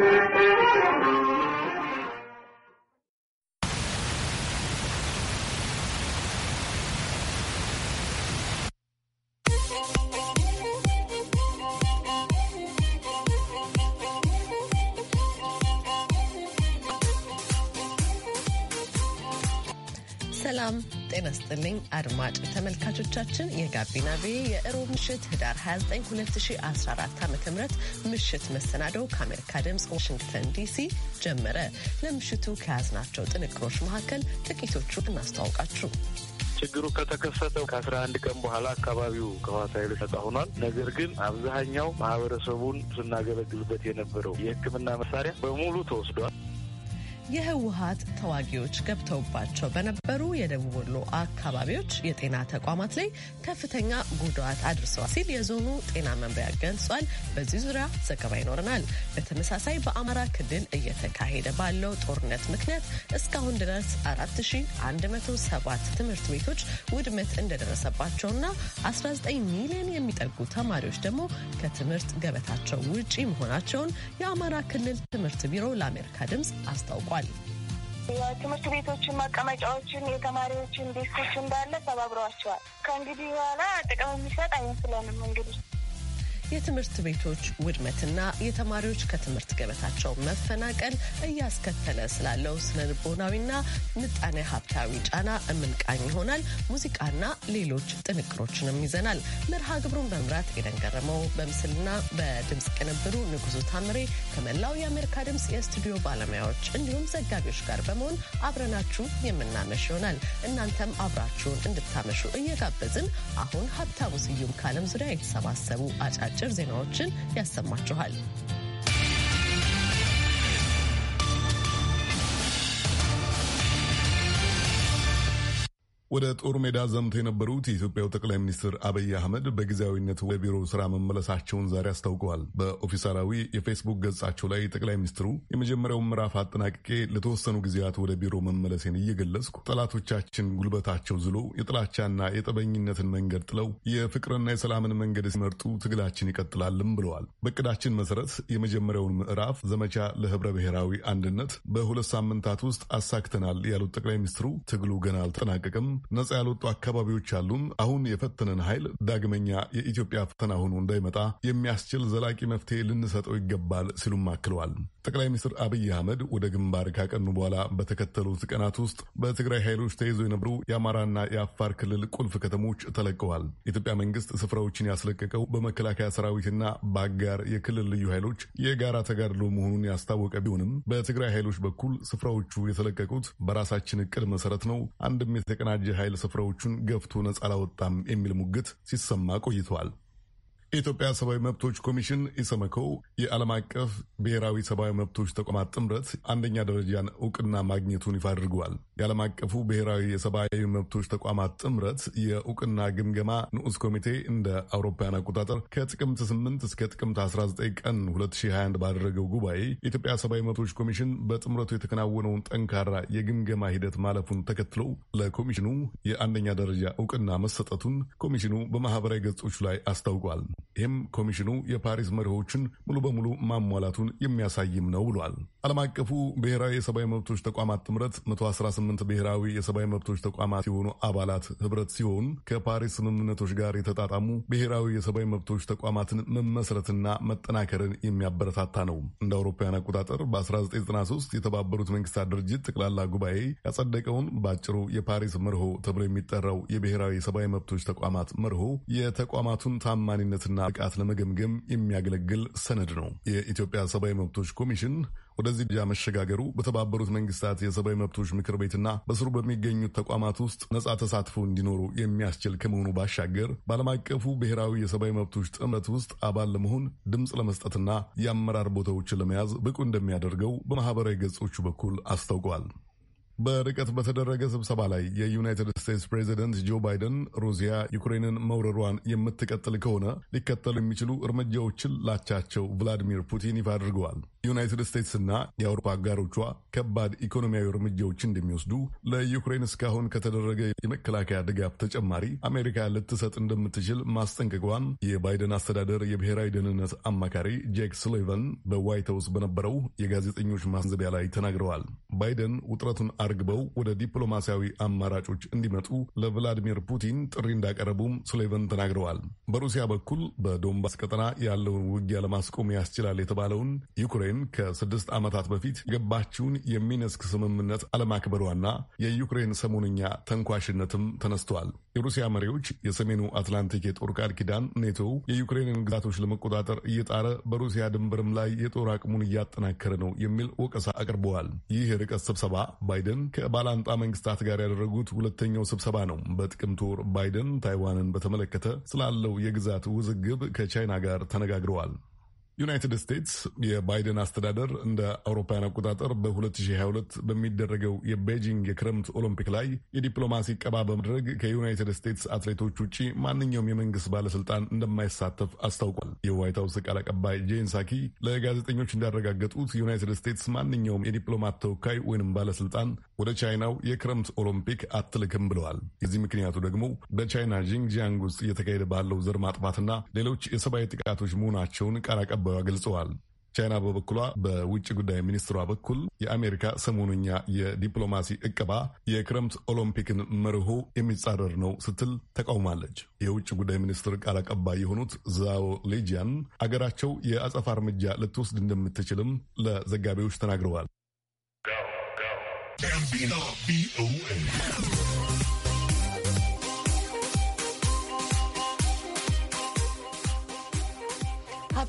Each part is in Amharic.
thank you ይስጥልኝ አድማጭ ተመልካቾቻችን የጋቢና ቪ የእሮብ ምሽት ህዳር 29 2014 ዓ ም ምሽት መሰናደው ከአሜሪካ ድምፅ ዋሽንግተን ዲሲ ጀመረ። ለምሽቱ ከያዝናቸው ጥንቅሮች መካከል ጥቂቶቹ እናስተዋውቃችሁ። ችግሩ ከተከሰተው ከአስራ አንድ ቀን በኋላ አካባቢው ከህዋት ኃይሉ ነጻ ሆኗል። ነገር ግን አብዛኛው ማህበረሰቡን ስናገለግልበት የነበረው የህክምና መሳሪያ በሙሉ ተወስዷል። የህወሀት ተዋጊዎች ገብተውባቸው በነበሩ የደቡብ ወሎ አካባቢዎች የጤና ተቋማት ላይ ከፍተኛ ጉዳት አድርሰዋል ሲል የዞኑ ጤና መምሪያ ገልጿል። በዚህ ዙሪያ ዘገባ ይኖረናል። በተመሳሳይ በአማራ ክልል እየተካሄደ ባለው ጦርነት ምክንያት እስካሁን ድረስ 4107 ትምህርት ቤቶች ውድመት እንደደረሰባቸውና 19 ሚሊዮን የሚጠጉ ተማሪዎች ደግሞ ከትምህርት ገበታቸው ውጪ መሆናቸውን የአማራ ክልል ትምህርት ቢሮ ለአሜሪካ ድምፅ አስታውቋል። አስታውቋል። የትምህርት ቤቶችን መቀመጫዎችን፣ የተማሪዎችን ዴስኮች እንዳለ ተባብረዋቸዋል። ከእንግዲህ በኋላ ጥቅም የሚሰጥ አይመስለንም እንግዲህ የትምህርት ቤቶች ውድመትና የተማሪዎች ከትምህርት ገበታቸው መፈናቀል እያስከተለ ስላለው ስነ ልቦናዊና ምጣኔ ሀብታዊ ጫና እምንቃኝ ይሆናል። ሙዚቃና ሌሎች ጥንቅሮችንም ይዘናል። መርሃ ግብሩን በመምራት ኤደን ገረመው፣ በምስልና በድምፅ ቅንብሩ ንጉሱ ታምሬ ከመላው የአሜሪካ ድምፅ የስቱዲዮ ባለሙያዎች እንዲሁም ዘጋቢዎች ጋር በመሆን አብረናችሁ የምናመሽ ይሆናል። እናንተም አብራችሁን እንድታመሹ እየጋበዝን አሁን ሀብታሙ ስዩም ከዓለም ዙሪያ የተሰባሰቡ አጫ አጫጭር ዜናዎችን ያሰማችኋል። ወደ ጦር ሜዳ ዘምተው የነበሩት የኢትዮጵያው ጠቅላይ ሚኒስትር አብይ አህመድ በጊዜያዊነት ወደ ቢሮ ስራ መመለሳቸውን ዛሬ አስታውቀዋል። በኦፊሳላዊ የፌስቡክ ገጻቸው ላይ ጠቅላይ ሚኒስትሩ የመጀመሪያውን ምዕራፍ አጠናቅቄ ለተወሰኑ ጊዜያት ወደ ቢሮ መመለሴን እየገለጽኩ ጠላቶቻችን ጉልበታቸው ዝሎ የጥላቻና የጠበኝነትን መንገድ ጥለው የፍቅርና የሰላምን መንገድ ሲመርጡ ትግላችን ይቀጥላልም ብለዋል። በእቅዳችን መሰረት የመጀመሪያውን ምዕራፍ ዘመቻ ለህብረ ብሔራዊ አንድነት በሁለት ሳምንታት ውስጥ አሳክተናል ያሉት ጠቅላይ ሚኒስትሩ ትግሉ ገና አልጠናቀቅም ነጻ ያልወጡ አካባቢዎች አሉን። አሁን የፈተነን ኃይል ዳግመኛ የኢትዮጵያ ፈተና ሆኖ እንዳይመጣ የሚያስችል ዘላቂ መፍትሄ ልንሰጠው ይገባል ሲሉም አክለዋል። ጠቅላይ ሚኒስትር አብይ አህመድ ወደ ግንባር ካቀኑ በኋላ በተከተሉት ቀናት ውስጥ በትግራይ ኃይሎች ተይዞ የነበሩ የአማራና የአፋር ክልል ቁልፍ ከተሞች ተለቀዋል። የኢትዮጵያ መንግስት ስፍራዎችን ያስለቀቀው በመከላከያ ሰራዊትና በአጋር የክልል ልዩ ኃይሎች የጋራ ተጋድሎ መሆኑን ያስታወቀ ቢሆንም በትግራይ ኃይሎች በኩል ስፍራዎቹ የተለቀቁት በራሳችን እቅድ መሰረት ነው፣ አንድም የተቀናጀ ኃይል ስፍራዎቹን ገፍቶ ነጻ አላወጣም የሚል ሙግት ሲሰማ ቆይተዋል። የኢትዮጵያ ሰብአዊ መብቶች ኮሚሽን ኢሰመኮው የዓለም አቀፍ ብሔራዊ ሰብአዊ መብቶች ተቋማት ጥምረት አንደኛ ደረጃን እውቅና ማግኘቱን ይፋ አድርገዋል። የዓለም አቀፉ ብሔራዊ የሰብአዊ መብቶች ተቋማት ጥምረት የእውቅና ግምገማ ንዑስ ኮሚቴ እንደ አውሮፓውያን አቆጣጠር ከጥቅምት 8 እስከ ጥቅምት 19 ቀን 2021 ባደረገው ጉባኤ የኢትዮጵያ ሰብአዊ መብቶች ኮሚሽን በጥምረቱ የተከናወነውን ጠንካራ የግምገማ ሂደት ማለፉን ተከትሎ ለኮሚሽኑ የአንደኛ ደረጃ እውቅና መሰጠቱን ኮሚሽኑ በማህበራዊ ገጾች ላይ አስታውቋል። ይህም ኮሚሽኑ የፓሪስ መርሆችን ሙሉ በሙሉ ማሟላቱን የሚያሳይም ነው ብሏል። ዓለም አቀፉ ብሔራዊ የሰብአዊ መብቶች ተቋማት ጥምረት 118 ብሔራዊ የሰብአዊ መብቶች ተቋማት የሆኑ አባላት ህብረት ሲሆን ከፓሪስ ስምምነቶች ጋር የተጣጣሙ ብሔራዊ የሰብአዊ መብቶች ተቋማትን መመስረትና መጠናከርን የሚያበረታታ ነው። እንደ አውሮፓውያን አቆጣጠር በ1993 የተባበሩት መንግስታት ድርጅት ጠቅላላ ጉባኤ ያጸደቀውን በአጭሩ የፓሪስ መርሆ ተብሎ የሚጠራው የብሔራዊ የሰብአዊ መብቶች ተቋማት መርሆ የተቋማቱን ታማኒነት ብቃትና ብቃት ለመገምገም የሚያገለግል ሰነድ ነው። የኢትዮጵያ ሰብአዊ መብቶች ኮሚሽን ወደዚህ ደረጃ መሸጋገሩ በተባበሩት መንግስታት የሰብአዊ መብቶች ምክር ቤትና በስሩ በሚገኙት ተቋማት ውስጥ ነጻ ተሳትፎ እንዲኖሩ የሚያስችል ከመሆኑ ባሻገር በዓለም አቀፉ ብሔራዊ የሰብአዊ መብቶች ጥምረት ውስጥ አባል ለመሆን ድምፅ ለመስጠትና የአመራር ቦታዎችን ለመያዝ ብቁ እንደሚያደርገው በማህበራዊ ገጾቹ በኩል አስታውቋል። በርቀት በተደረገ ስብሰባ ላይ የዩናይትድ ስቴትስ ፕሬዚደንት ጆ ባይደን ሩሲያ ዩክሬንን መውረሯን የምትቀጥል ከሆነ ሊከተሉ የሚችሉ እርምጃዎችን ላቻቸው ቭላዲሚር ፑቲን ይፋ አድርገዋል። ዩናይትድ ና የአውሮፓ አጋሮቿ ከባድ ኢኮኖሚያዊ እርምጃዎች እንደሚወስዱ ለዩክሬን እስካሁን ከተደረገ የመከላከያ ድጋፍ ተጨማሪ አሜሪካ ልትሰጥ እንደምትችል ማስጠንቀቋን የባይደን አስተዳደር የብሔራዊ ደህንነት አማካሪ ጄክ ስሊቫን በዋይት ሀውስ በነበረው የጋዜጠኞች ማንዘቢያ ላይ ተናግረዋል። ባይደን ውጥረቱን አርግበው ወደ ዲፕሎማሲያዊ አማራጮች እንዲመጡ ለቭላዲሚር ፑቲን ጥሪ እንዳቀረቡም ስሊቫን ተናግረዋል። በሩሲያ በኩል በዶንባስ ቀጠና ያለውን ውጊያ ለማስቆም ያስችላል የተባለውን ዩክሬን ዩክሬን ከስድስት ዓመታት በፊት የገባችውን የሚነስክ ስምምነት አለማክበሯና የዩክሬን ሰሞንኛ ተንኳሽነትም ተነስተዋል። የሩሲያ መሪዎች የሰሜኑ አትላንቲክ የጦር ቃል ኪዳን ኔቶ የዩክሬንን ግዛቶች ለመቆጣጠር እየጣረ በሩሲያ ድንበርም ላይ የጦር አቅሙን እያጠናከረ ነው የሚል ወቀሳ አቅርበዋል። ይህ የርቀት ስብሰባ ባይደን ከባላንጣ መንግስታት ጋር ያደረጉት ሁለተኛው ስብሰባ ነው። በጥቅምት ወር ባይደን ታይዋንን በተመለከተ ስላለው የግዛት ውዝግብ ከቻይና ጋር ተነጋግረዋል። ዩናይትድ ስቴትስ የባይደን አስተዳደር እንደ አውሮፓውያን አቆጣጠር በ2022 በሚደረገው የቤጂንግ የክረምት ኦሎምፒክ ላይ የዲፕሎማሲ ቀባ በማድረግ ከዩናይትድ ስቴትስ አትሌቶች ውጭ ማንኛውም የመንግስት ባለስልጣን እንደማይሳተፍ አስታውቋል። የዋይት ሀውስ ቃል አቀባይ ጄን ሳኪ ለጋዜጠኞች እንዳረጋገጡት ዩናይትድ ስቴትስ ማንኛውም የዲፕሎማት ተወካይ ወይንም ባለስልጣን ወደ ቻይናው የክረምት ኦሎምፒክ አትልክም ብለዋል። የዚህ ምክንያቱ ደግሞ በቻይና ጂንግጂያንግ ውስጥ እየተካሄደ ባለው ዘር ማጥፋትና ሌሎች የሰብአዊ ጥቃቶች መሆናቸውን ቃል አቀባ እንደነበረ ገልጸዋል። ቻይና በበኩሏ በውጭ ጉዳይ ሚኒስትሯ በኩል የአሜሪካ ሰሞኑኛ የዲፕሎማሲ እቅባ የክረምት ኦሎምፒክን መርሆ የሚጻረር ነው ስትል ተቃውማለች። የውጭ ጉዳይ ሚኒስትር ቃል አቀባይ የሆኑት ዛዎ ሌጂያን አገራቸው የአጸፋ እርምጃ ልትወስድ እንደምትችልም ለዘጋቢዎች ተናግረዋል።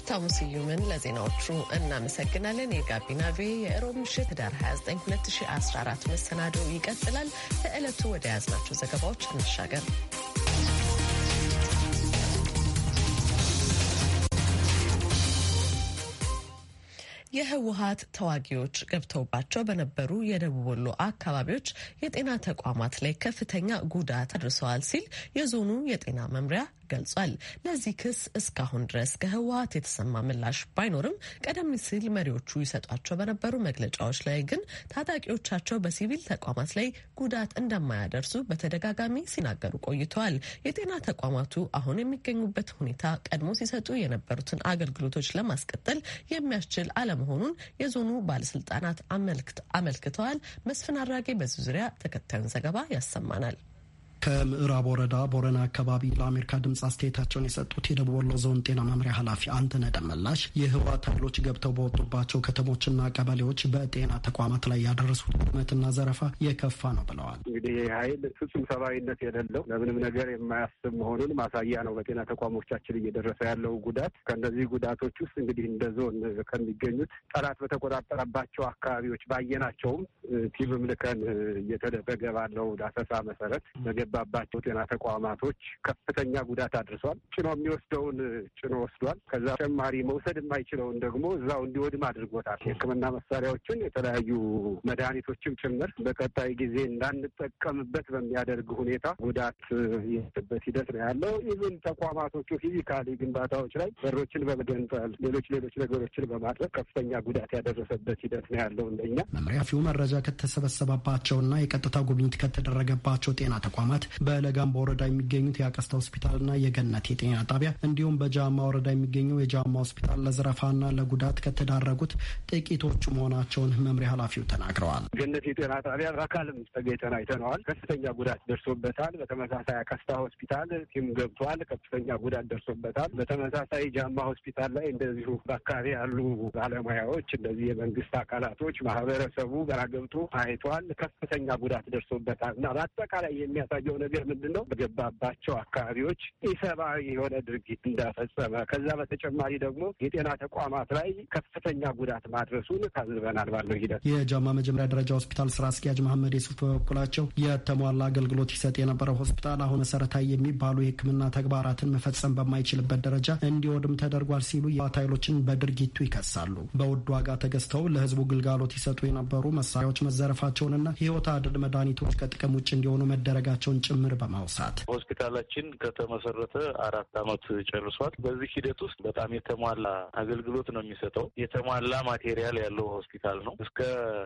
ሀብታሙ ስዩምን ለዜናዎቹ እናመሰግናለን። የጋቢና ቪ የእሮብ ምሽት ህዳር 29 2014 መሰናዶ ይቀጥላል። ለዕለቱ ወደ ያዝናቸው ዘገባዎች እንሻገር። የህወሀት ተዋጊዎች ገብተውባቸው በነበሩ የደቡብ ወሎ አካባቢዎች የጤና ተቋማት ላይ ከፍተኛ ጉዳት አድርሰዋል ሲል የዞኑ የጤና መምሪያ ገልጿል። ለዚህ ክስ እስካሁን ድረስ ከህወሀት የተሰማ ምላሽ ባይኖርም ቀደም ሲል መሪዎቹ ይሰጧቸው በነበሩ መግለጫዎች ላይ ግን ታጣቂዎቻቸው በሲቪል ተቋማት ላይ ጉዳት እንደማያደርሱ በተደጋጋሚ ሲናገሩ ቆይተዋል። የጤና ተቋማቱ አሁን የሚገኙበት ሁኔታ ቀድሞ ሲሰጡ የነበሩትን አገልግሎቶች ለማስቀጠል የሚያስችል አለመሆኑን የዞኑ ባለስልጣናት አመልክተዋል። መስፍን አራጌ በዚህ ዙሪያ ተከታዩን ዘገባ ያሰማናል። ከምዕራብ ወረዳ ቦረና አካባቢ ለአሜሪካ ድምፅ አስተያየታቸውን የሰጡት የደቡብ ወሎ ዞን ጤና መምሪያ ኃላፊ አንተነህ ደመላሽ የህወሓት ኃይሎች ገብተው በወጡባቸው ከተሞችና ቀበሌዎች በጤና ተቋማት ላይ ያደረሱት ውድመትና ዘረፋ የከፋ ነው ብለዋል። እንግዲህ ይህ ኃይል ፍጹም ሰብአዊነት የሌለው ለምንም ነገር የማያስብ መሆኑን ማሳያ ነው። በጤና ተቋሞቻችን እየደረሰ ያለው ጉዳት ከእነዚህ ጉዳቶች ውስጥ እንግዲህ እንደ ዞን ከሚገኙት ጠላት በተቆጣጠረባቸው አካባቢዎች ባየናቸውም ቲምም ልከን እየተደረገ ባለው ዳሰሳ መሰረት በሚገባባቸው ጤና ተቋማቶች ከፍተኛ ጉዳት አድርሷል። ጭኖ የሚወስደውን ጭኖ ወስዷል። ከዛ ተጨማሪ መውሰድ የማይችለውን ደግሞ እዛው እንዲወድም አድርጎታል። የሕክምና መሳሪያዎችን የተለያዩ መድኃኒቶችም ጭምር በቀጣይ ጊዜ እንዳንጠቀምበት በሚያደርግ ሁኔታ ጉዳት የሄደበት ሂደት ነው ያለው። ኢቭን ተቋማቶቹ ፊዚካሊ ግንባታዎች ላይ በሮችን በመገንጠል ሌሎች ሌሎች ነገሮችን በማድረግ ከፍተኛ ጉዳት ያደረሰበት ሂደት ነው ያለው። እንደኛ መምሪያ መረጃ ከተሰበሰበባቸውና የቀጥታ ጉብኝት ከተደረገባቸው ጤና ተቋማት በመገንባት በለጋምባ ወረዳ የሚገኙት የአቀስታ ሆስፒታልና የገነት የጤና ጣቢያ እንዲሁም በጃማ ወረዳ የሚገኘው የጃማ ሆስፒታል ለዘረፋና ለጉዳት ከተዳረጉት ጥቂቶቹ መሆናቸውን መምሪያ ኃላፊው ተናግረዋል። ገነት የጤና ጣቢያ በአካልም ተገኝተን አይተነዋል። ከፍተኛ ጉዳት ደርሶበታል። በተመሳሳይ አቀስታ ሆስፒታል ቲም ገብቷል። ከፍተኛ ጉዳት ደርሶበታል። በተመሳሳይ ጃማ ሆስፒታል ላይ እንደዚሁ በአካባቢ ያሉ ባለሙያዎች እንደዚህ የመንግስት አካላቶች ማህበረሰቡ ገራ ገብቶ አይቷል። ከፍተኛ ጉዳት ደርሶበታል እና በአጠቃላይ የሚያሳ የሚያሳየው ነገር ምንድን ነው? በገባባቸው አካባቢዎች ኢሰብአዊ የሆነ ድርጊት እንዳፈጸመ ከዛ በተጨማሪ ደግሞ የጤና ተቋማት ላይ ከፍተኛ ጉዳት ማድረሱን ታዝበናል። ባለው ሂደት የጃማ መጀመሪያ ደረጃ ሆስፒታል ስራ አስኪያጅ መሐመድ የሱፍ በበኩላቸው የተሟላ አገልግሎት ይሰጥ የነበረው ሆስፒታል አሁን መሰረታዊ የሚባሉ የሕክምና ተግባራትን መፈጸም በማይችልበት ደረጃ እንዲወድም ተደርጓል ሲሉ የዋት ኃይሎችን በድርጊቱ ይከሳሉ። በውድ ዋጋ ተገዝተው ለህዝቡ ግልጋሎት ይሰጡ የነበሩ መሳሪያዎች መዘረፋቸውንና ሕይወት አድን መድኃኒቶች ከጥቅም ውጭ እንዲሆኑ መደረጋቸውን መሆናቸውን ጭምር በማውሳት ሆስፒታላችን ከተመሰረተ አራት አመት ጨርሷል። በዚህ ሂደት ውስጥ በጣም የተሟላ አገልግሎት ነው የሚሰጠው። የተሟላ ማቴሪያል ያለው ሆስፒታል ነው። እስከ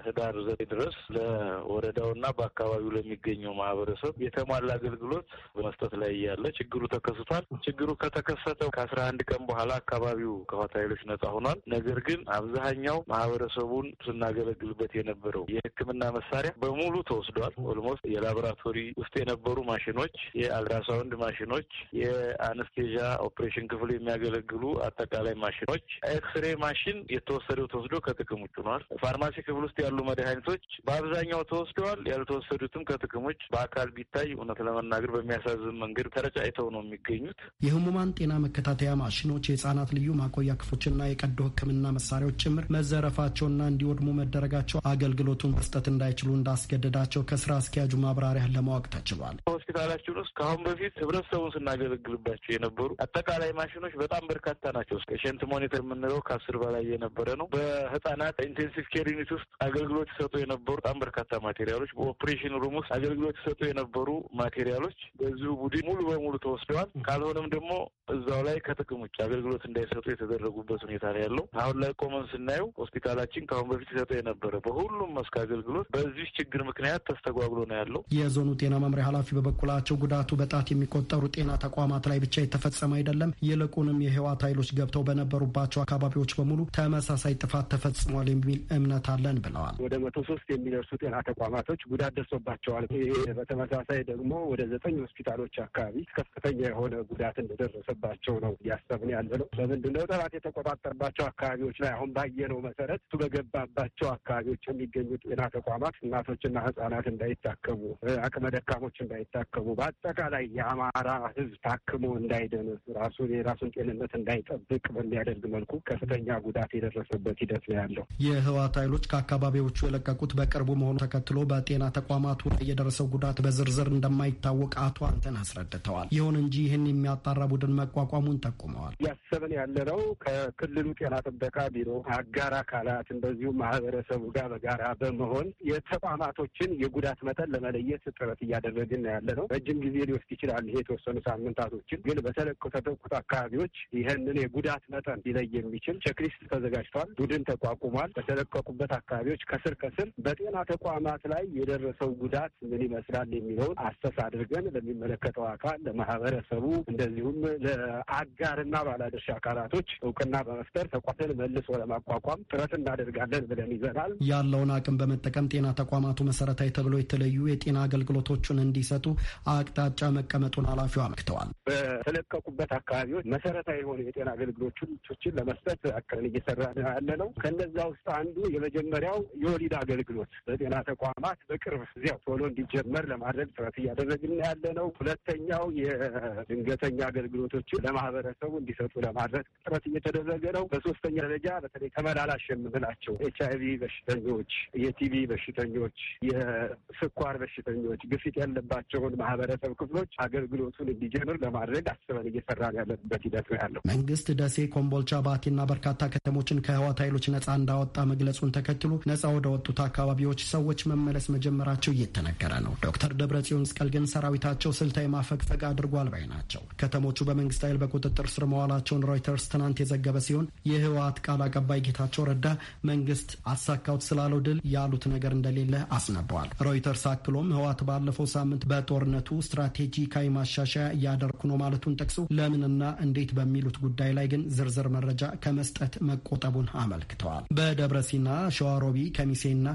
ህዳር ዘጠኝ ድረስ ለወረዳውና በአካባቢው ለሚገኘው ማህበረሰብ የተሟላ አገልግሎት በመስጠት ላይ ያለ ችግሩ ተከስቷል። ችግሩ ከተከሰተ ከአስራ አንድ ቀን በኋላ አካባቢው ከሆታ ኃይሎች ነጻ ሆኗል። ነገር ግን አብዛኛው ማህበረሰቡን ስናገለግልበት የነበረው የህክምና መሳሪያ በሙሉ ተወስዷል። ኦልሞስት የላቦራቶሪ ውስጥ የነበ የነበሩ ማሽኖች፣ የአልትራሳውንድ ማሽኖች፣ የአነስቴዣ ኦፕሬሽን ክፍሉ የሚያገለግሉ አጠቃላይ ማሽኖች፣ ኤክስሬ ማሽን የተወሰደው ተወስዶ ከጥቅም ውጭ ሆኗል። ፋርማሲ ክፍል ውስጥ ያሉ መድኃኒቶች በአብዛኛው ተወስደዋል። ያልተወሰዱትም ከጥቅም ውጭ በአካል ቢታይ እውነት ለመናገር በሚያሳዝን መንገድ ተረጫይተው ነው የሚገኙት። የህሙማን ጤና መከታተያ ማሽኖች፣ የህጻናት ልዩ ማቆያ ክፍሎችና የቀዶ ህክምና መሳሪያዎች ጭምር መዘረፋቸውና እንዲወድሙ መደረጋቸው አገልግሎቱን መስጠት እንዳይችሉ እንዳስገደዳቸው ከስራ አስኪያጁ ማብራሪያ ለማወቅ ተችሏል። ገልጸዋል። ሆስፒታላችን ውስጥ ከአሁን በፊት ህብረተሰቡን ስናገለግልባቸው የነበሩ አጠቃላይ ማሽኖች በጣም በርካታ ናቸው። ፔሸንት ሞኒተር የምንለው ከአስር በላይ የነበረ ነው። በህጻናት ኢንቴንሲቭ ኬር ዩኒት ውስጥ አገልግሎት ይሰጡ የነበሩ በጣም በርካታ ማቴሪያሎች፣ በኦፕሬሽን ሩም ውስጥ አገልግሎት ይሰጡ የነበሩ ማቴሪያሎች በዚሁ ቡድን ሙሉ በሙሉ ተወስደዋል። ካልሆነም ደግሞ እዛው ላይ ከጥቅም ውጭ አገልግሎት እንዳይሰጡ የተደረጉበት ሁኔታ ነው ያለው። አሁን ላይ ቆመን ስናየው ሆስፒታላችን ከአሁን በፊት ይሰጠ የነበረ በሁሉም መስክ አገልግሎት በዚህ ችግር ምክንያት ተስተጓጉሎ ነው ያለው። የዞኑ ጤና መምሪያ ኃላፊ በበኩላቸው ጉዳቱ በጣት የሚቆጠሩ ጤና ተቋማት ላይ ብቻ የተፈጸመ አይደለም፣ ይልቁንም የህወሓት ኃይሎች ገብተው በነበሩባቸው አካባቢዎች በሙሉ ተመሳሳይ ጥፋት ተፈጽሟል የሚል እምነት አለን ብለዋል። ወደ መቶ ሶስት የሚደርሱ ጤና ተቋማቶች ጉዳት ደርሶባቸዋል። ይሄ በተመሳሳይ ደግሞ ወደ ዘጠኝ ሆስፒታሎች አካባቢ ከፍተኛ የሆነ ጉዳት እንደደረሰባቸው ነው እያሰብን ያለ ነው። በምንድነው ጠላት የተቆጣጠርባቸው አካባቢዎች ላይ አሁን ባየነው መሰረት እሱ በገባባቸው አካባቢዎች የሚገኙ ጤና ተቋማት እናቶችና ህጻናት እንዳይታከሙ አቅመ ደካሞች እንዳይታከሙ በአጠቃላይ የአማራ ህዝብ ታክሞ እንዳይደን ራሱን የራሱን ጤንነት እንዳይጠብቅ በሚያደርግ መልኩ ከፍተኛ ጉዳት የደረሰበት ሂደት ነው ያለው። የህወሓት ኃይሎች ከአካባቢዎቹ የለቀቁት በቅርቡ መሆኑ ተከትሎ በጤና ተቋማቱ ላይ የደረሰው ጉዳት በዝርዝር እንደማይታወቅ አቶ አንተን አስረድተዋል። ይሁን እንጂ ይህን የሚያጣራ ቡድን መቋቋሙን ጠቁመዋል። እያሰብን ያለነው ከክልሉ ጤና ጥበቃ ቢሮ አጋር አካላት እንደዚሁም ማህበረሰቡ ጋር በጋራ በመሆን የተቋማቶችን የጉዳት መጠን ለመለየት ጥረት እያደረግን እያየን ያለ ነው። ረጅም ጊዜ ሊወስድ ይችላል። ይሄ የተወሰኑ ሳምንታቶችን ግን በተለቁት አካባቢዎች ይህንን የጉዳት መጠን ሊለይ የሚችል ቼክሊስት ተዘጋጅቷል። ቡድን ተቋቁሟል። በተለቀቁበት አካባቢዎች ከስር ከስር በጤና ተቋማት ላይ የደረሰው ጉዳት ምን ይመስላል የሚለውን አሰስ አድርገን ለሚመለከተው አካል ለማህበረሰቡ፣ እንደዚሁም ለአጋርና ባለድርሻ አካላቶች እውቅና በመፍጠር ተቋትን መልሶ ለማቋቋም ጥረት እናደርጋለን ብለን ይዘናል። ያለውን አቅም በመጠቀም ጤና ተቋማቱ መሰረታዊ ተብሎ የተለዩ የጤና አገልግሎቶችን እንዲ እንዲሰጡ አቅጣጫ መቀመጡን ኃላፊው አመልክተዋል። በተለቀቁበት አካባቢዎች መሰረታዊ የሆኑ የጤና አገልግሎቶችን ለመስጠት አቅደን እየሰራ ያለ ነው። ከነዛ ውስጥ አንዱ የመጀመሪያው የወሊድ አገልግሎት በጤና ተቋማት በቅርብ ጊዜው ቶሎ እንዲጀመር ለማድረግ ጥረት እያደረግን ያለ ነው። ሁለተኛው የድንገተኛ አገልግሎቶችን ለማህበረሰቡ እንዲሰጡ ለማድረግ ጥረት እየተደረገ ነው። በሶስተኛ ደረጃ በተለይ ተመላላሽ የምንላቸው ኤች አይ ቪ በሽተኞች፣ የቲቪ በሽተኞች፣ የስኳር በሽተኞች፣ ግፊት ያለበት የሚደርስባቸውን ማህበረሰብ ክፍሎች አገልግሎቱን እንዲጀምር ለማድረግ አስበን እየሰራን ያለበት ሂደት ነው ያለው። መንግስት ደሴ፣ ኮምቦልቻ፣ ባቲና በርካታ ከተሞችን ከህዋት ኃይሎች ነጻ እንዳወጣ መግለጹን ተከትሎ ነጻ ወደ ወጡት አካባቢዎች ሰዎች መመለስ መጀመራቸው እየተነገረ ነው። ዶክተር ደብረጽዮን መስቀል ግን ሰራዊታቸው ስልታዊ ማፈግፈግ አድርጓል ባይ ናቸው። ከተሞቹ በመንግስት ኃይል በቁጥጥር ስር መዋላቸውን ሮይተርስ ትናንት የዘገበ ሲሆን የህወሀት ቃል አቀባይ ጌታቸው ረዳ መንግስት አሳካውት ስላለው ድል ያሉት ነገር እንደሌለ አስነበዋል። ሮይተርስ አክሎም ህወሀት ባለፈው ሳምንት ያሉት በጦርነቱ ስትራቴጂካዊ ማሻሻያ እያደረኩ ነው ማለቱን ጠቅሶ ለምንና እንዴት በሚሉት ጉዳይ ላይ ግን ዝርዝር መረጃ ከመስጠት መቆጠቡን አመልክተዋል። በደብረሲና ሸዋሮቢ፣ ከሚሴና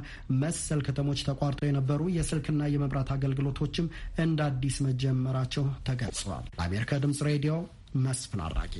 መሰል ከተሞች ተቋርጠው የነበሩ የስልክና የመብራት አገልግሎቶችም እንደ አዲስ መጀመራቸው ተገልጿል። ለአሜሪካ ድምጽ ሬዲዮ መስፍን አራጌ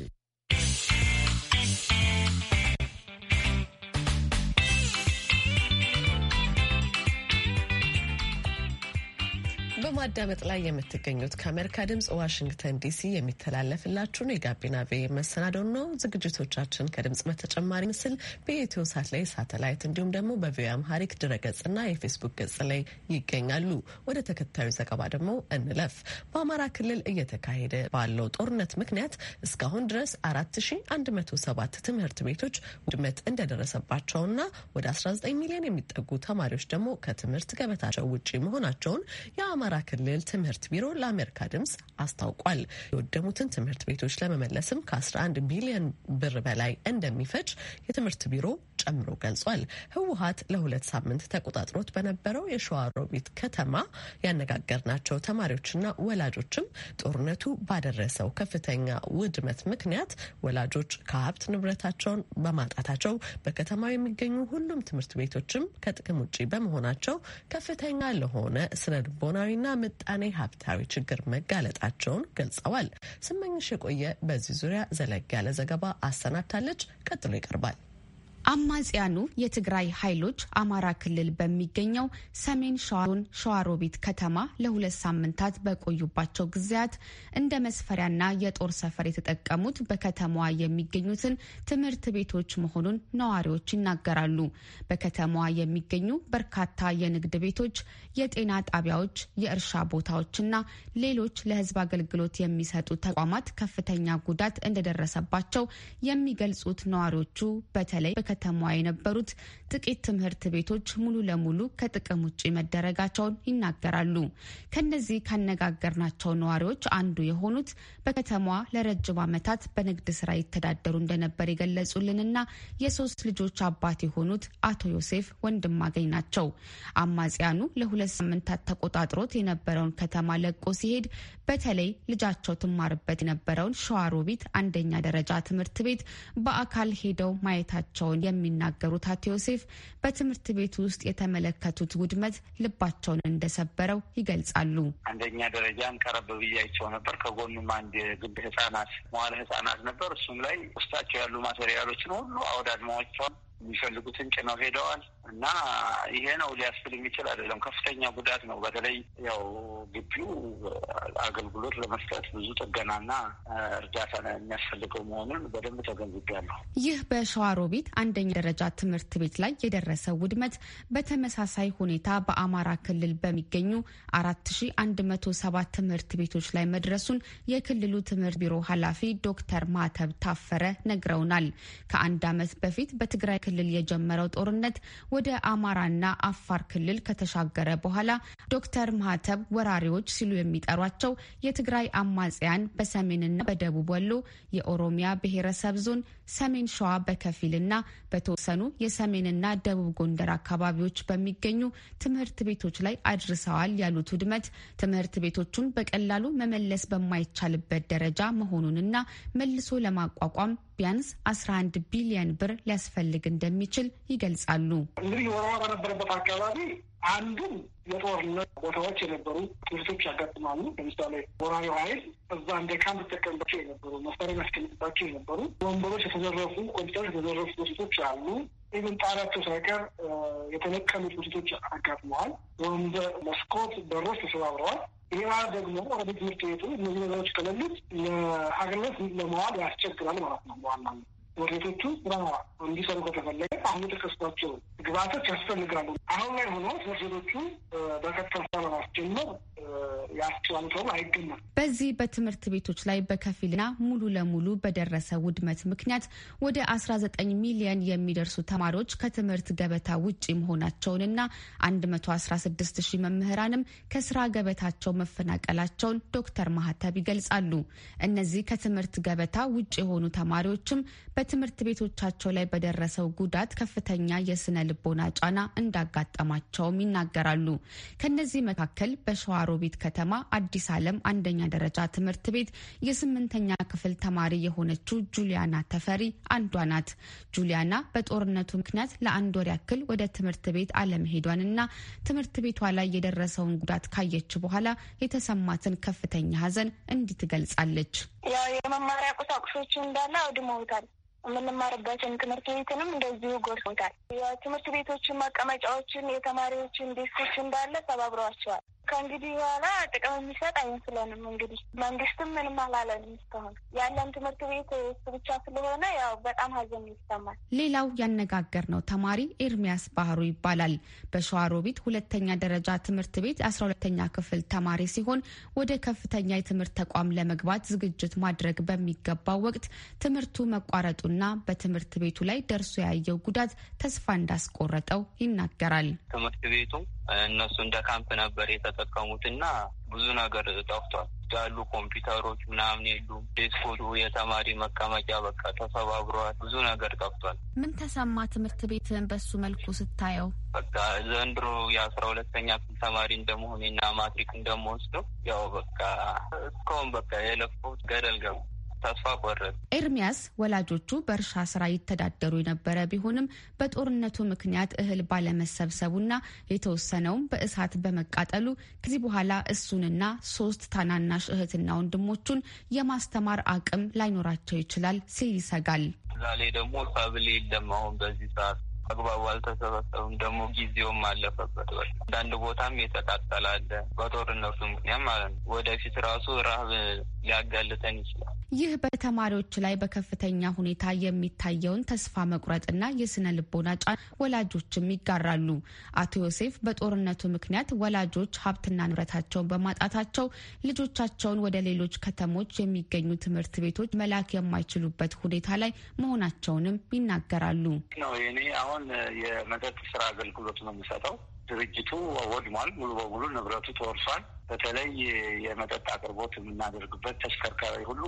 በማዳመጥ ላይ የምትገኙት ከአሜሪካ ድምጽ ዋሽንግተን ዲሲ የሚተላለፍላችሁን የጋቢና ቪ መሰናዶው ነው። ዝግጅቶቻችን ከድምጽ በተጨማሪ ምስል በኢትዮ ሳት ላይ ሳተላይት እንዲሁም ደግሞ በቪኦኤ አምሃሪክ ድረገጽና የፌስቡክ ገጽ ላይ ይገኛሉ። ወደ ተከታዩ ዘገባ ደግሞ እንለፍ። በአማራ ክልል እየተካሄደ ባለው ጦርነት ምክንያት እስካሁን ድረስ 4107 ትምህርት ቤቶች ውድመት እንደደረሰባቸውና ወደ 19 ሚሊዮን የሚጠጉ ተማሪዎች ደግሞ ከትምህርት ገበታቸው ውጪ መሆናቸውን የአማራ ክልል ትምህርት ቢሮ ለአሜሪካ ድምጽ አስታውቋል። የወደሙትን ትምህርት ቤቶች ለመመለስም ከ11 ቢሊዮን ብር በላይ እንደሚፈጅ የትምህርት ቢሮ ጨምሮ ገልጿል። ህወሀት ለሁለት ሳምንት ተቆጣጥሮት በነበረው የሸዋሮቢት ከተማ ያነጋገርናቸው ተማሪዎችና ወላጆችም ጦርነቱ ባደረሰው ከፍተኛ ውድመት ምክንያት ወላጆች ከሀብት ንብረታቸውን በማጣታቸው በከተማው የሚገኙ ሁሉም ትምህርት ቤቶችም ከጥቅም ውጪ በመሆናቸው ከፍተኛ ለሆነ ስነ ልቦናዊ ማህበራዊና ምጣኔ ሀብታዊ ችግር መጋለጣቸውን ገልጸዋል። ስመኝሽ የቆየ በዚህ ዙሪያ ዘለግ ያለ ዘገባ አሰናድታለች። ቀጥሎ ይቀርባል። አማጽያኑ የትግራይ ኃይሎች አማራ ክልል በሚገኘው ሰሜን ሸዋሮን ሸዋሮቢት ከተማ ለሁለት ሳምንታት በቆዩባቸው ጊዜያት እንደ መስፈሪያና የጦር ሰፈር የተጠቀሙት በከተማዋ የሚገኙትን ትምህርት ቤቶች መሆኑን ነዋሪዎች ይናገራሉ። በከተማዋ የሚገኙ በርካታ የንግድ ቤቶች፣ የጤና ጣቢያዎች፣ የእርሻ ቦታዎችና ሌሎች ለሕዝብ አገልግሎት የሚሰጡ ተቋማት ከፍተኛ ጉዳት እንደደረሰባቸው የሚገልጹት ነዋሪዎቹ በተለይ በከተማዋ የነበሩት ጥቂት ትምህርት ቤቶች ሙሉ ለሙሉ ከጥቅም ውጭ መደረጋቸውን ይናገራሉ። ከነዚህ ካነጋገርናቸው ነዋሪዎች አንዱ የሆኑት በከተማዋ ለረጅም ዓመታት በንግድ ስራ ይተዳደሩ እንደነበር የገለጹልንና የሶስት ልጆች አባት የሆኑት አቶ ዮሴፍ ወንድማገኝ ናቸው። አማጽያኑ ለሁለት ሳምንታት ተቆጣጥሮት የነበረውን ከተማ ለቆ ሲሄድ በተለይ ልጃቸው ትማርበት የነበረውን ሸዋሮቢት አንደኛ ደረጃ ትምህርት ቤት በአካል ሄደው ማየታቸውን የሚናገሩት አቶ ዮሴፍ ሾፌፍ በትምህርት ቤት ውስጥ የተመለከቱት ውድመት ልባቸውን እንደሰበረው ይገልጻሉ። አንደኛ ደረጃም ቀረብ ብያቸው ነበር። ከጎኑም አንድ ግድ ህጻናት መዋለ ህጻናት ነበር። እሱም ላይ ውስጣቸው ያሉ ማቴሪያሎችን ሁሉ አውዳድማዎቸውን የሚፈልጉትን ጭነው ሄደዋል እና ይሄ ነው ሊያስብል የሚችል አይደለም። ከፍተኛ ጉዳት ነው። በተለይ ያው ግቢው አገልግሎት ለመስጠት ብዙ ጥገናና እርዳታ የሚያስፈልገው መሆኑን በደንብ ተገንዝቤያለሁ። ይህ በሸዋሮቢት አንደኛ ደረጃ ትምህርት ቤት ላይ የደረሰ ውድመት በተመሳሳይ ሁኔታ በአማራ ክልል በሚገኙ አራት ሺ አንድ መቶ ሰባት ትምህርት ቤቶች ላይ መድረሱን የክልሉ ትምህርት ቢሮ ኃላፊ ዶክተር ማተብ ታፈረ ነግረውናል። ከአንድ ዓመት በፊት በትግራይ ክልል የጀመረው ጦርነት ወደ አማራና አፋር ክልል ከተሻገረ በኋላ ዶክተር ማህተብ ወራሪዎች ሲሉ የሚጠሯቸው የትግራይ አማጽያን በሰሜንና በደቡብ ወሎ፣ የኦሮሚያ ብሔረሰብ ዞን፣ ሰሜን ሸዋ በከፊልና በተወሰኑ የሰሜንና ደቡብ ጎንደር አካባቢዎች በሚገኙ ትምህርት ቤቶች ላይ አድርሰዋል ያሉት ውድመት ትምህርት ቤቶቹን በቀላሉ መመለስ በማይቻልበት ደረጃ መሆኑንና መልሶ ለማቋቋም ቢያንስ 11 ቢሊዮን ብር ሊያስፈልግ እንደሚችል ይገልጻሉ። እንግዲህ ወረራ በነበረበት አካባቢ አንዱም የጦርነት ቦታዎች የነበሩ ምርቶች ያጋጥማሉ። ለምሳሌ ወራሪ ኃይል እዛ እንደ ካምፕ ተጠቀምባቸው የነበሩ መሳሪያ ያስቀምጥባቸው የነበሩ ወንበሮች የተዘረፉ፣ ኮምፒውተሮች የተዘረፉ ድርጅቶች አሉ። ኢቨን ጣሪያቸው ሳይቀር የተነቀሉ ድርጅቶች አጋጥመዋል። ወንበር፣ መስኮት፣ በሮች ተሰባብረዋል። ሌላ ደግሞ ወረቤት ትምህርት ቤቱ እነዚህ ነገሮች ከሌሉት ለሀገርነት ለመዋል ያስቸግራል ማለት ነው በዋናነት ወደቶቹ ስራ እንዲሰሩ ከተፈለገ አሁን የጠቀስኳቸው ግብአቶች ያስፈልጋሉ። አሁን ላይ ሆኖ ወደቶቹ በቀጥታ ለማስጀመር ያስተዋልተውም አይገማም። በዚህ በትምህርት ቤቶች ላይ በከፊልና ሙሉ ለሙሉ በደረሰ ውድመት ምክንያት ወደ 19 ሚሊየን የሚደርሱ ተማሪዎች ከትምህርት ገበታ ውጪ መሆናቸውንና 116 ሺህ መምህራንም ከስራ ገበታቸው መፈናቀላቸውን ዶክተር ማህተብ ይገልጻሉ። እነዚህ ከትምህርት ገበታ ውጭ የሆኑ ተማሪዎችም በትምህርት ቤቶቻቸው ላይ በደረሰው ጉዳት ከፍተኛ የስነ ልቦና ጫና እንዳጋጠማቸውም ይናገራሉ። ከነዚህ መካከል በሸዋ አሮቢት ከተማ አዲስ ዓለም አንደኛ ደረጃ ትምህርት ቤት የስምንተኛ ክፍል ተማሪ የሆነችው ጁሊያና ተፈሪ አንዷ ናት። ጁሊያና በጦርነቱ ምክንያት ለአንድ ወር ያክል ወደ ትምህርት ቤት አለመሄዷንና ትምህርት ቤቷ ላይ የደረሰውን ጉዳት ካየች በኋላ የተሰማትን ከፍተኛ ሐዘን እንዲህ ትገልጻለች። ያው የመማሪያ ቁሳቁሶች እንዳለ አውድመውታል። የምንማርበትን ትምህርት ቤትንም እንደዚሁ ጎድቶታል። የትምህርት ቤቶችን መቀመጫዎችን፣ የተማሪዎችን ዴስኮች እንዳለ ተባብረዋቸዋል። ከእንግዲህ በኋላ ጥቅም የሚሰጥ አይመስለንም። እንግዲህ መንግስትም ምንም አላለንም እስካሁን ያለን ትምህርት ቤት እሱ ብቻ ስለሆነ ያው በጣም ሀዘን ይሰማል። ሌላው ነው ተማሪ ኤርሚያስ ባህሩ ይባላል። በሸዋሮቢት ሁለተኛ ደረጃ ትምህርት ቤት አስራ ሁለተኛ ክፍል ተማሪ ሲሆን ወደ ከፍተኛ የትምህርት ተቋም ለመግባት ዝግጅት ማድረግ በሚገባው ወቅት ትምህርቱ መቋረጡን ና በትምህርት ቤቱ ላይ ደርሶ ያየው ጉዳት ተስፋ እንዳስቆረጠው ይናገራል። ትምህርት ቤቱ እነሱ እንደ ካምፕ ነበር የተጠቀሙትና ብዙ ነገር ጠፍቷል ያሉ ኮምፒውተሮች ምናምን የሉም። ዴስክቶፑ የተማሪ መቀመጫ በቃ ተሰባብረዋል። ብዙ ነገር ጠፍቷል። ምን ተሰማ ትምህርት ቤትን በሱ መልኩ ስታየው? በቃ ዘንድሮ የአስራ ሁለተኛ ክፍል ተማሪ እንደመሆኔና ማትሪክ እንደመወስደው ያው በቃ እስካሁን በቃ የለፈው ገደል ገባ ተስፋ ቆረጥ። ኤርሚያስ ወላጆቹ በእርሻ ስራ ይተዳደሩ የነበረ ቢሆንም በጦርነቱ ምክንያት እህል ባለመሰብሰቡና የተወሰነውም በእሳት በመቃጠሉ ከዚህ በኋላ እሱንና ሶስት ታናናሽ እህትና ወንድሞቹን የማስተማር አቅም ላይኖራቸው ይችላል ሲል ይሰጋል። ዛሬ ደግሞ ሰብል የለም። አሁን በዚህ ሰዓት አግባቡ አልተሰበሰቡም። ደግሞ ጊዜውም አለፈበት። አንዳንድ ቦታም የተቃጠላለ በጦርነቱ ምክንያት ማለት ነው። ወደፊት ራሱ ረሀብ ሊያጋልጠን ይችላል። ይህ በተማሪዎች ላይ በከፍተኛ ሁኔታ የሚታየውን ተስፋ መቁረጥና የስነ ልቦና ጫና ወላጆችም ይጋራሉ። አቶ ዮሴፍ በጦርነቱ ምክንያት ወላጆች ሀብትና ንብረታቸውን በማጣታቸው ልጆቻቸውን ወደ ሌሎች ከተሞች የሚገኙ ትምህርት ቤቶች መላክ የማይችሉበት ሁኔታ ላይ መሆናቸውንም ይናገራሉ። ነው የእኔ አሁን የመጠጥ ስራ አገልግሎት ነው የሚሰጠው ድርጅቱ ወድሟል፣ ሙሉ በሙሉ ንብረቱ ተወርሷል። በተለይ የመጠጥ አቅርቦት የምናደርግበት ተሽከርካሪ ሁሉ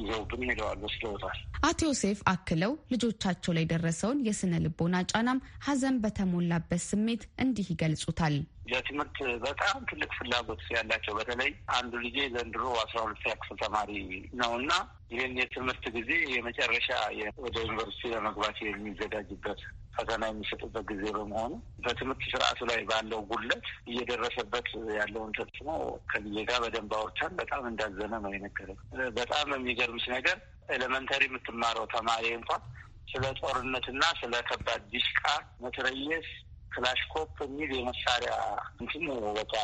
ይዘውብን ሄደዋል፣ ወስደውታል። አቶ ዮሴፍ አክለው ልጆቻቸው ላይ ደረሰውን የስነ ልቦና ጫናም ሀዘን በተሞላበት ስሜት እንዲህ ይገልጹታል። የትምህርት በጣም ትልቅ ፍላጎት ያላቸው በተለይ አንዱ ልጄ ዘንድሮ አስራ ሁለተኛ ክፍል ተማሪ ነው እና ይህን የትምህርት ጊዜ የመጨረሻ ወደ ዩኒቨርሲቲ ለመግባት የሚዘጋጅበት ፈተና የሚሰጥበት ጊዜ በመሆኑ በትምህርት ስርዓቱ ላይ ባለው ጉድለት እየደረሰበት ያለውን ተጽዕኖ ከልጄ ጋር በደንብ አውርተን በጣም እንዳዘነ ነው የነገረኝ። በጣም የሚገርምሽ ነገር ኤሌመንተሪ የምትማረው ተማሪ እንኳን ስለ ጦርነትና ስለ ከባድ ዲሽቃ፣ መትረየስ፣ ከላሽኮፕ የሚል የመሳሪያ እንትኑ በቃ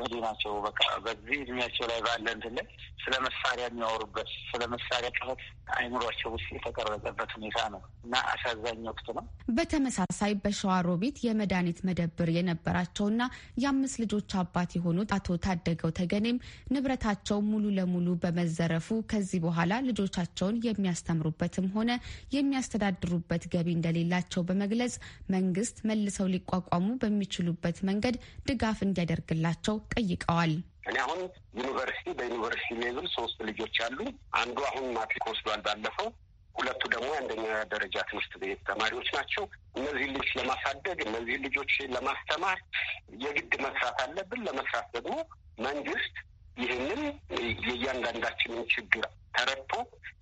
እህቴ ናቸው። በቃ በዚህ እድሜያቸው ላይ ባለ እንትን ላይ ስለ መሳሪያ የሚያወሩበት ስለ መሳሪያ ጥፈት አይምሯቸው ውስጥ የተቀረጸበት ሁኔታ ነው እና አሳዛኝ ወቅት ነው። በተመሳሳይ በሸዋሮቢት የመድኃኒት መደብር የነበራቸውና የአምስት ልጆች አባት የሆኑት አቶ ታደገው ተገኔም ንብረታቸው ሙሉ ለሙሉ በመዘረፉ ከዚህ በኋላ ልጆቻቸውን የሚያስተምሩበትም ሆነ የሚያስተዳድሩበት ገቢ እንደሌላቸው በመግለጽ መንግስት መልሰው ሊቋቋሙ በሚችሉበት መንገድ ድጋፍ እንዲያደርግላቸው ጠይቀዋል። እኔ አሁን ዩኒቨርሲቲ በዩኒቨርሲቲ ሌቭል ሶስት ልጆች አሉ። አንዱ አሁን ማትሪክ ወስዷል ባለፈው ሁለቱ ደግሞ አንደኛ ደረጃ ትምህርት ቤት ተማሪዎች ናቸው። እነዚህን ልጆች ለማሳደግ እነዚህን ልጆች ለማስተማር የግድ መስራት አለብን። ለመስራት ደግሞ መንግስት ይህንን የእያንዳንዳችንን ችግር ተረድቶ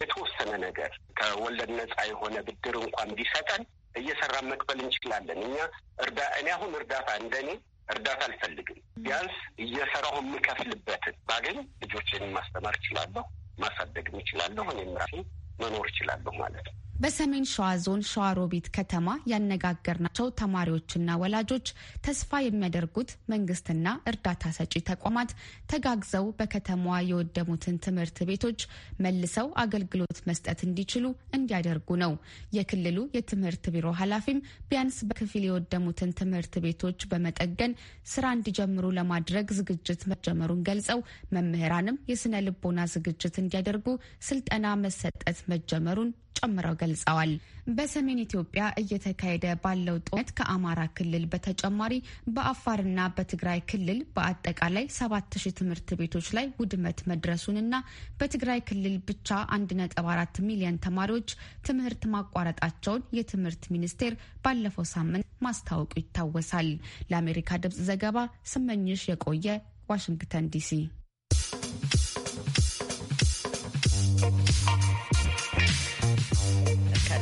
የተወሰነ ነገር ከወለድ ነጻ የሆነ ብድር እንኳን ቢሰጠን እየሰራን መክፈል እንችላለን። እኛ እርዳ እኔ አሁን እርዳታ እንደኔ እርዳታ አልፈልግም። ቢያንስ እየሰራሁ የምከፍልበትን ባገኝ ልጆችን ማስተማር እችላለሁ፣ ማሳደግም እችላለሁ፣ እኔም ራሴ መኖር እችላለሁ ማለት ነው። በሰሜን ሸዋ ዞን ሸዋሮቢት ከተማ ያነጋገርናቸው ተማሪዎችና ወላጆች ተስፋ የሚያደርጉት መንግስትና እርዳታ ሰጪ ተቋማት ተጋግዘው በከተማዋ የወደሙትን ትምህርት ቤቶች መልሰው አገልግሎት መስጠት እንዲችሉ እንዲያደርጉ ነው። የክልሉ የትምህርት ቢሮ ኃላፊም ቢያንስ በከፊል የወደሙትን ትምህርት ቤቶች በመጠገን ስራ እንዲጀምሩ ለማድረግ ዝግጅት መጀመሩን ገልጸው መምህራንም የስነ ልቦና ዝግጅት እንዲያደርጉ ስልጠና መሰጠት መጀመሩን ጨምረው ገልጸዋል። በሰሜን ኢትዮጵያ እየተካሄደ ባለው ጦርነት ከአማራ ክልል በተጨማሪ በአፋርና በትግራይ ክልል በአጠቃላይ 7000 ትምህርት ቤቶች ላይ ውድመት መድረሱንና በትግራይ ክልል ብቻ 1.4 ሚሊዮን ተማሪዎች ትምህርት ማቋረጣቸውን የትምህርት ሚኒስቴር ባለፈው ሳምንት ማስታወቁ ይታወሳል። ለአሜሪካ ድምጽ ዘገባ ስመኝሽ የቆየ ዋሽንግተን ዲሲ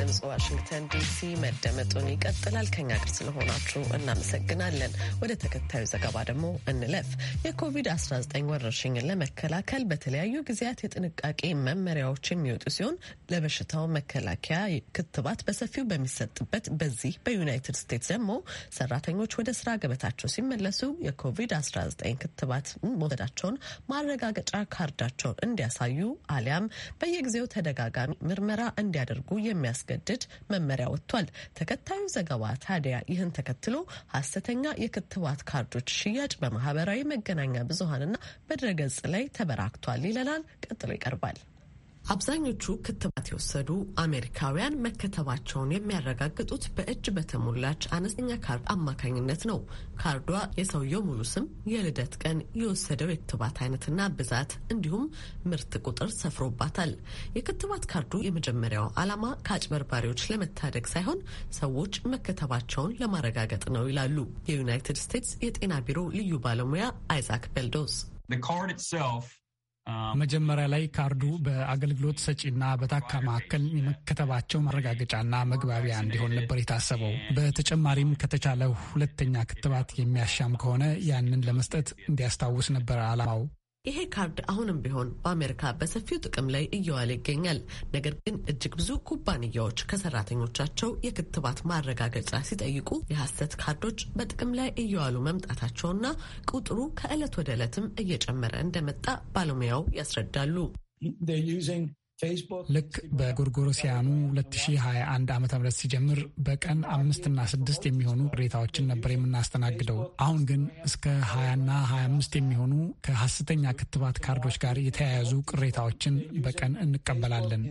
ድምፅ ዋሽንግተን ዲሲ መደመጡን ይቀጥላል። ከኛ ጋር ስለሆናችሁ እናመሰግናለን። ወደ ተከታዩ ዘገባ ደግሞ እንለፍ። የኮቪድ-19 ወረርሽኝን ለመከላከል በተለያዩ ጊዜያት የጥንቃቄ መመሪያዎች የሚወጡ ሲሆን ለበሽታው መከላከያ ክትባት በሰፊው በሚሰጥበት በዚህ በዩናይትድ ስቴትስ ደግሞ ሰራተኞች ወደ ስራ ገበታቸው ሲመለሱ የኮቪድ-19 ክትባት መውሰዳቸውን ማረጋገጫ ካርዳቸውን እንዲያሳዩ አሊያም በየጊዜው ተደጋጋሚ ምርመራ እንዲያደርጉ የሚያስገ የሚያስገድድ መመሪያ ወጥቷል። ተከታዩ ዘገባ ታዲያ ይህን ተከትሎ ሀሰተኛ የክትባት ካርዶች ሽያጭ በማህበራዊ መገናኛ ብዙሀንና በድረገጽ ላይ ተበራክቷል ይለናል። ቀጥሎ ይቀርባል። አብዛኞቹ ክትባት የወሰዱ አሜሪካውያን መከተባቸውን የሚያረጋግጡት በእጅ በተሞላች አነስተኛ ካርድ አማካኝነት ነው። ካርዷ የሰውየው ሙሉ ስም፣ የልደት ቀን፣ የወሰደው የክትባት አይነትና ብዛት እንዲሁም ምርት ቁጥር ሰፍሮባታል። የክትባት ካርዱ የመጀመሪያው ዓላማ ከአጭበርባሪዎች ለመታደግ ሳይሆን ሰዎች መከተባቸውን ለማረጋገጥ ነው ይላሉ የዩናይትድ ስቴትስ የጤና ቢሮ ልዩ ባለሙያ አይዛክ ቤልዶስ። The card itself መጀመሪያ ላይ ካርዱ በአገልግሎት ሰጪና በታካ መካከል የመከተባቸው ማረጋገጫና መግባቢያ እንዲሆን ነበር የታሰበው። በተጨማሪም ከተቻለ ሁለተኛ ክትባት የሚያሻም ከሆነ ያንን ለመስጠት እንዲያስታውስ ነበር አላማው። ይሄ ካርድ አሁንም ቢሆን በአሜሪካ በሰፊው ጥቅም ላይ እየዋለ ይገኛል። ነገር ግን እጅግ ብዙ ኩባንያዎች ከሰራተኞቻቸው የክትባት ማረጋገጫ ሲጠይቁ የሐሰት ካርዶች በጥቅም ላይ እየዋሉ መምጣታቸውና ቁጥሩ ከዕለት ወደ ዕለትም እየጨመረ እንደመጣ ባለሙያው ያስረዳሉ። They're using ልክ በጎርጎሮሲያኑ 2021 ዓ ም ሲጀምር በቀን አምስትና ስድስት የሚሆኑ ቅሬታዎችን ነበር የምናስተናግደው። አሁን ግን እስከ 20ና 25 የሚሆኑ ከሐሰተኛ ክትባት ካርዶች ጋር የተያያዙ ቅሬታዎችን በቀን እንቀበላለን።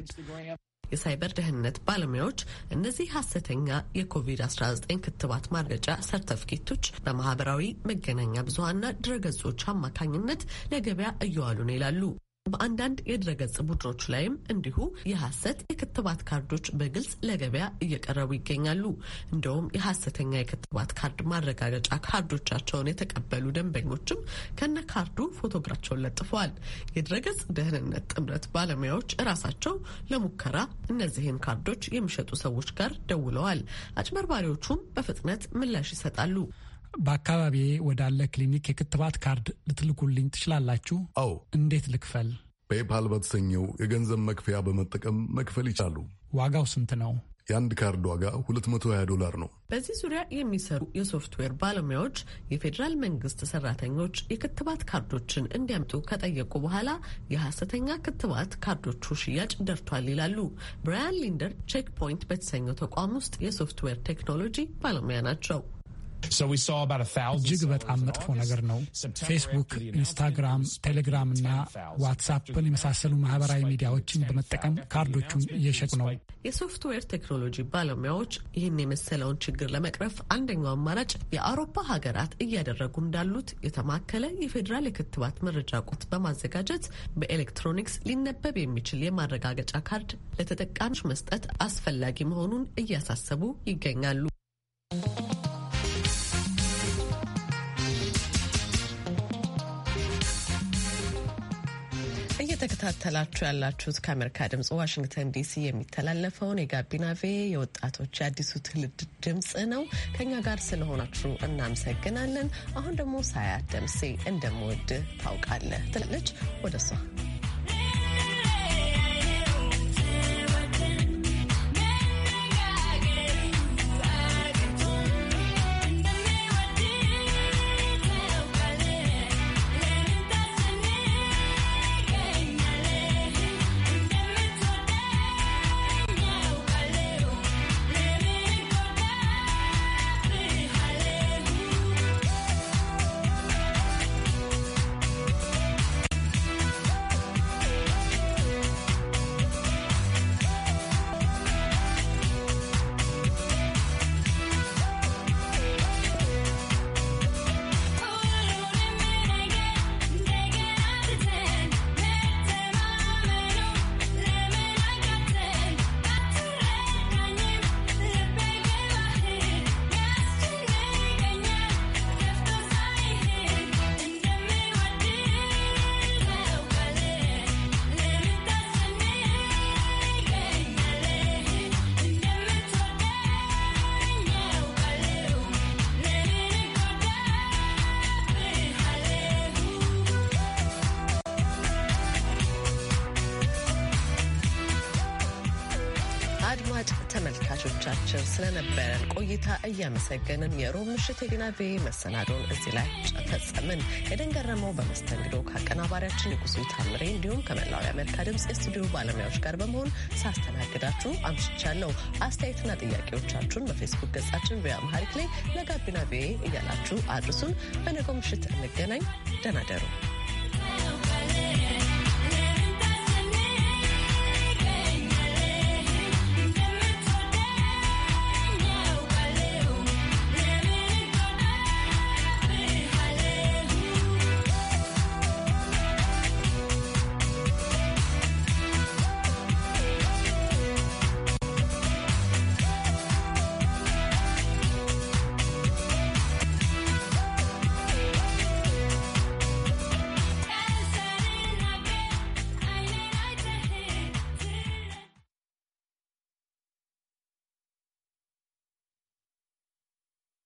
የሳይበር ደህንነት ባለሙያዎች እነዚህ ሀሰተኛ የኮቪድ-19 ክትባት ማረጃ ሰርተፍኬቶች በማህበራዊ መገናኛ ብዙሀንና ድረገጾች አማካኝነት ለገበያ እየዋሉ ነው ይላሉ። በአንዳንድ የድረገጽ ቡድኖች ላይም እንዲሁ የሐሰት የክትባት ካርዶች በግልጽ ለገበያ እየቀረቡ ይገኛሉ። እንደውም የሐሰተኛ የክትባት ካርድ ማረጋገጫ ካርዶቻቸውን የተቀበሉ ደንበኞችም ከነ ካርዱ ፎቶግራቸውን ለጥፈዋል። የድረገጽ ደህንነት ጥምረት ባለሙያዎች እራሳቸው ለሙከራ እነዚህን ካርዶች የሚሸጡ ሰዎች ጋር ደውለዋል። አጭበርባሪዎቹም በፍጥነት ምላሽ ይሰጣሉ። በአካባቢዬ ወዳለ ክሊኒክ የክትባት ካርድ ልትልኩልኝ ትችላላችሁ? አዎ። እንዴት ልክፈል? ፔፓል በተሰኘው የገንዘብ መክፈያ በመጠቀም መክፈል ይቻሉ። ዋጋው ስንት ነው? የአንድ ካርድ ዋጋ 220 ዶላር ነው። በዚህ ዙሪያ የሚሰሩ የሶፍትዌር ባለሙያዎች የፌዴራል መንግስት ሰራተኞች የክትባት ካርዶችን እንዲያምጡ ከጠየቁ በኋላ የሐሰተኛ ክትባት ካርዶቹ ሽያጭ ደርቷል ይላሉ። ብራያን ሊንደር ቼክ ፖይንት በተሰኘው ተቋም ውስጥ የሶፍትዌር ቴክኖሎጂ ባለሙያ ናቸው። እጅግ በጣም መጥፎ ነገር ነው። ፌስቡክ፣ ኢንስታግራም፣ ቴሌግራም እና ዋትሳፕን የመሳሰሉ ማህበራዊ ሚዲያዎችን በመጠቀም ካርዶቹን እየሸጡ ነው። የሶፍትዌር ቴክኖሎጂ ባለሙያዎች ይህን የመሰለውን ችግር ለመቅረፍ አንደኛው አማራጭ የአውሮፓ ሀገራት እያደረጉ እንዳሉት የተማከለ የፌዴራል የክትባት መረጃ ቁት በማዘጋጀት በኤሌክትሮኒክስ ሊነበብ የሚችል የማረጋገጫ ካርድ ለተጠቃሚዎች መስጠት አስፈላጊ መሆኑን እያሳሰቡ ይገኛሉ። እየተከታተላችሁ ያላችሁት ከአሜሪካ ድምጽ ዋሽንግተን ዲሲ የሚተላለፈውን የጋቢና ቬ የወጣቶች የአዲሱ ትውልድ ድምጽ ነው። ከኛ ጋር ስለሆናችሁ እናመሰግናለን። አሁን ደግሞ ሳያት ደምሴ እንደምወድ ታውቃለህ ትላለች። ወደ እሷ ቆይታ እያመሰገንን የሮብ ምሽት የጋቢና ቤ መሰናዶን እዚህ ላይ ጨፈጸምን። ገረመው በመስተንግዶ ከአቀናባሪያችን ንጉሱ ታምሬ እንዲሁም ከመላው የአሜሪካ ድምፅ የስቱዲዮ ባለሙያዎች ጋር በመሆን ሳስተናግዳችሁ አምሽቻለሁ። አስተያየትና ጥያቄዎቻችሁን በፌስቡክ ገጻችን ቪኦኤ አማሪክ ላይ ለጋቢና ቪኦኤ እያላችሁ አድርሱን። በነገው ምሽት እንገናኝ። ደናደሩ ደሩ።